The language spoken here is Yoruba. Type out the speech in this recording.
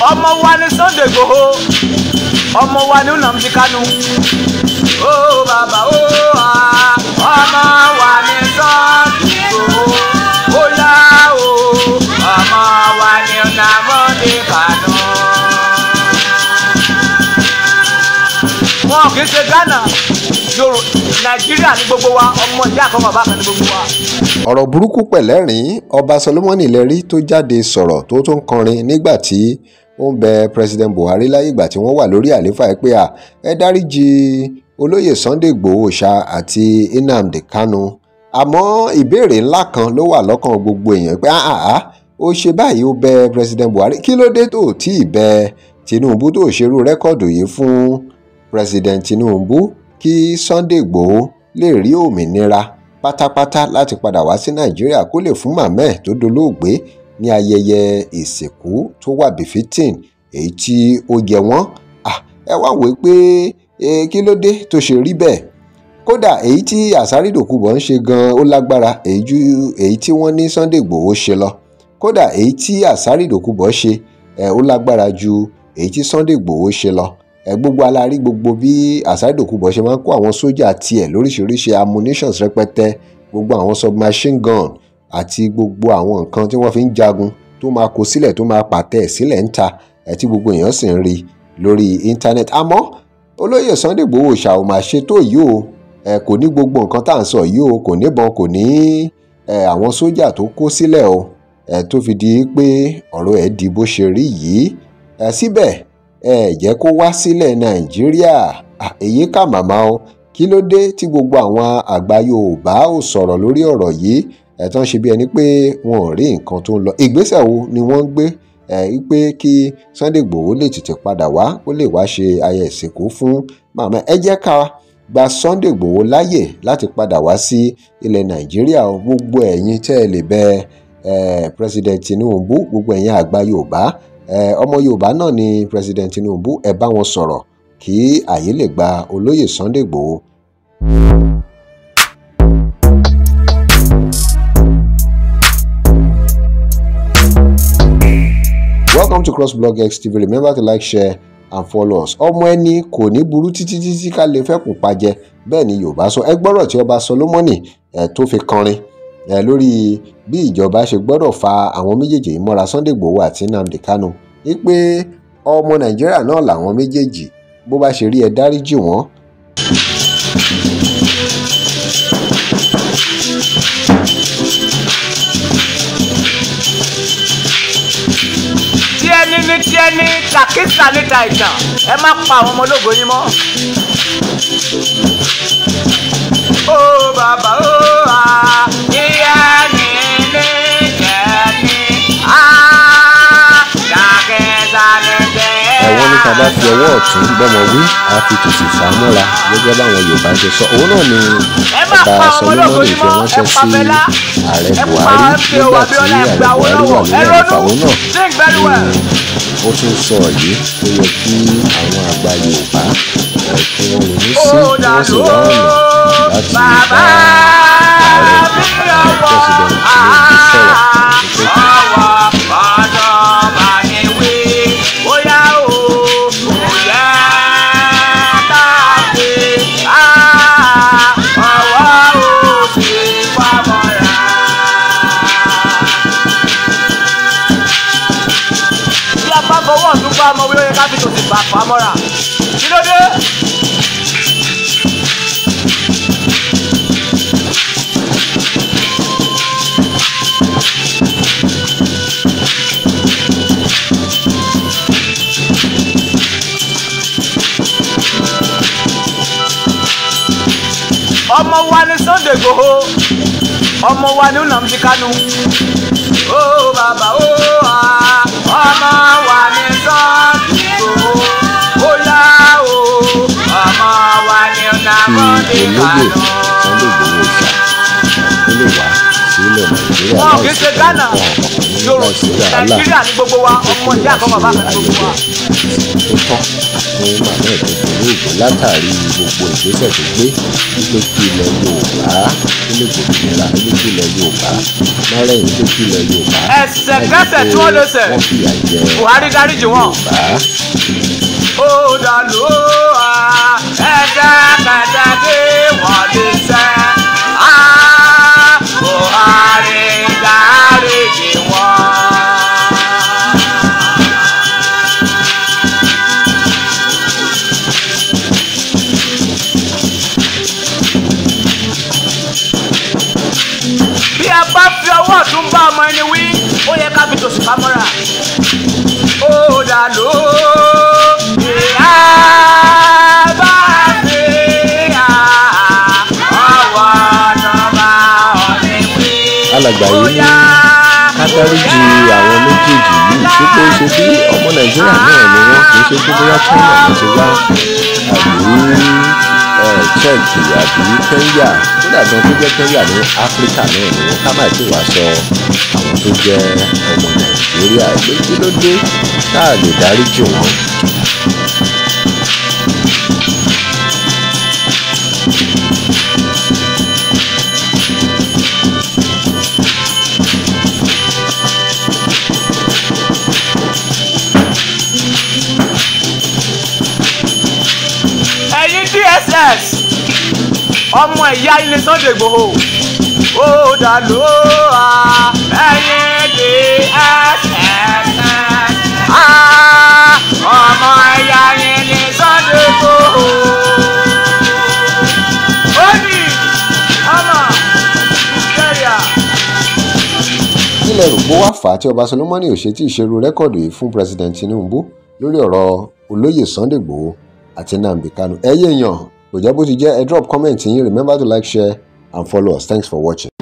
ọmọ wa ni Sunday Igboho ọmọ wa ni Nnamdi Kanu ó oh, bàbá ó oh, à ah. ọmọ wa ni Sunday Igboho ó oh, yá o ọmọ wa ni Nnamdi Kanu. wọn kì í ṣe Ghana yòrò nàìjíríà ní gbogbo wa ọmọ ìyá kan bàbá kan ní gbogbo wa. ọ̀rọ̀ burúkú pẹ̀lẹ́rìn ọba Solomoni lẹ́rí tó jáde sọ̀rọ̀ tó tún kọrin nígbà tí ó ń bẹ president buhari láyé ìgbà tí wọ́n wà lórí àlééfà ẹ pé à ẹ dáríjì olóyè sunday igbòho ṣá àti nnamdi kanu àmọ́ ìbéèrè ńlá kan ló wà lọ́kàn gbogbo èèyàn pé àhàhà ó ṣe báyìí ó bẹ president buhari kí ló dé tó tí ì bẹ tinubu tó ṣerú rẹ́kọ̀dù yìí fún president tinubu kí sunday igbòho lè rí òmìnira pátápátá láti padà wá sí nàìjíríà kó lè fún màmá tó dolóògbé ní ayẹyẹ ìsìnkú tó wà befitting èyí tí ó yẹ wọ́n ẹ wá wò ó pé kí ló dé tó ṣe rí bẹ́ẹ̀ kódà èyí tí Àsárì Dòkúbọ̀ ń ṣe gan ó lágbára èyí tí wọ́n ní Sunday Ìgbòho ṣe lọ kódà èyí tí Àsárì Dòkúbọ̀ ṣe ó lágbára ju èyí tí Sunday Ìgbòho ṣe lọ gbogbo alárí gbogbo bí Àsárì Dòkúbọ̀ ṣe máa ń kó àwọn sójà tiẹ̀ lóríṣiríṣi ammunitions rẹpẹtẹ gbogbo àwọn submachine gun àti gbogbo àwọn nǹkan tí wọ́n fi ń jagun tó máa kó sílẹ̀ tó máa pàtẹ́ sílẹ̀ ń ta ẹtí gbogbo èèyàn sì ń rí lórí íńtánẹ́ẹ̀tì àmọ́ olóyè Sunday Igboho ṣàwọn máa ṣètò yìí o ẹ kò ní gbogbo nǹkan tá à ń sọ yìí o kò níbọn kò ní àwọn sójà tó kó sílẹ̀ o ẹ tó fi di pé ọ̀rọ̀ ẹ̀ di bó ṣe rí yìí ẹ síbẹ̀ ẹ jẹ́ kó wá sílẹ̀ Nàìjíríà èyí kà màmá o kí ló dé tí gbogbo àwọn àgbà Yorùbá ò sọ̀rọ̀ lórí ọ̀rọ̀ yìí ẹ̀tọ́ ń ṣe bí ẹni pé wọn ò rí nǹkan tó ń lọ ìgbésẹ̀ wo ni wọ́n ń gbé pé kí Sunday Igboho lè tètè padà wá ó lè wá ṣe ayẹyẹ ìsìnkú fún màmá ẹ jẹ́ ká gba Sunday Igboho láyè láti padà wá sí ilẹ̀ Nàìjíríà gbogbo ẹ̀yin tẹ́ ẹ lè bẹ President Tinubu gbogbo ẹ̀yin àgbà Yorùbá ọmọ Yorùbá náà ni President Tinubu ẹ bá wọn sọ̀rọ̀ kí àyè lè gba olóyè Sunday Igboho. welcome to Cross Blog TV remember to like share and follow us ọmọ ẹni kò ní burú títí títí ká lè fẹ́kùn pajẹ bẹ́ẹ̀ ni yorùbá sọ ẹ gbọ́rọ̀ tí ọba solomoni ẹ̀ tó fi kọrin ẹ̀ lórí bí ìjọba ṣe gbọ́dọ̀ fa àwọn méjèèjì yìí mọ́ra Sunday Igboho àti Nnamdi Kanu wípé ọmọ nàìjíríà náà làwọn méjèèjì bó bá ṣe rí ẹ dáríjì wọ́n. ní tí ẹ ní kàkísà níta ìtàn ẹ má pa àwọn ọmọ ológo yín mọ́. ó bàbá ó à ìyá mi ní jẹ́ mi á kàkísà níta ìtàn tá a bá fi ọwọ́ ọ̀tún gbọ́mọ wí á fi tòsì fà á mọ́ra gẹ́gẹ́ báwọn yorùbá ṣe sọ òun náà ni ọba sọlọ́mọ́nì fi ránṣẹ́ sí ààrẹ buhari nígbà tí ààrẹ buhari wà lórí àǹfààní náà ni ó tún sọ yìí ó yẹ kí àwọn àgbà yorùbá ọ̀tún wọn lè ní sí wọ́n sì wá ọ̀nà láti bá ààrẹ buhari president tinubu sọ̀rọ̀. bá mọ wíwọ́ yẹ ká fi tòsí gbà pa mọ́ra kí ọmọ wa ni Sunday Igboho ọmọ wa ni Nnamdi Kanu ó bàbá ó àá ọmọ wa ní sọ́ọ̀tì tó ó yá o ọmọ wa ní nàkọ́dé kì í ṣe Ghana Yorùbá Nàìjíríà ní gbogbo wa ọmọ ìyá àkọ́kọ́ bá kan gbogbo wa fún mohammed ogunwusi látàrí gbogbo ìgbésẹ̀ tó gbé ló kí ilẹ̀ yorùbá ó lè gbòmìnira ó lè kí ilẹ̀ yorùbá mọ́rẹ́yìn ló kí ilẹ̀ yorùbá ẹ̀sẹ̀kẹsẹ̀ tí wọ́n lọ sẹ̀ buhari dáríjì wọn. ó dàlú ẹ̀sẹ̀kẹsẹ̀ wọ́n lè sẹ́. ń bá ọmọ ẹni wí ó yẹ ká fi tòṣì pamọ́ra ó dà ló ìyá bá mi ọwọ́ nọmba ọ̀rẹ́ wí. alàgbà yìí ní kátàríjì àwọn méjèèjì yìí ṣé pé ọmọ nàìjíríà náà ni wọn kì í ṣe pé bóyá china ló ti wá àbí Czech àbí Kenya kódà gan tó jẹ́ kẹ́ńyà ní áfíríkà náà ni ká má ti wá sọ àwọn tó jẹ́ ọmọ nàìjíríà pé tá a lè dáríjì wọn. ẹ̀yin ọmọ ìyá ilé Sunday Igboho ó dàlú ẹyin di ẹsẹsẹ ọmọ ìyá ilé Sunday Igboho ó ní ọmọ nàìjíríà. kílẹ̀ rògbò wá fà á tí ọba Solomoni ò ṣe tí ì ṣerú rẹ́kọ̀dù yìí fún president Tinubu lórí ọ̀rọ̀ olóyè Sunday Igboho àti Nnamdi Kanu ẹ̀yẹ̀ yàn kò jẹ́ bó ti jẹ́ ẹ drop comment yín remember to like share and follow us thanks for watching.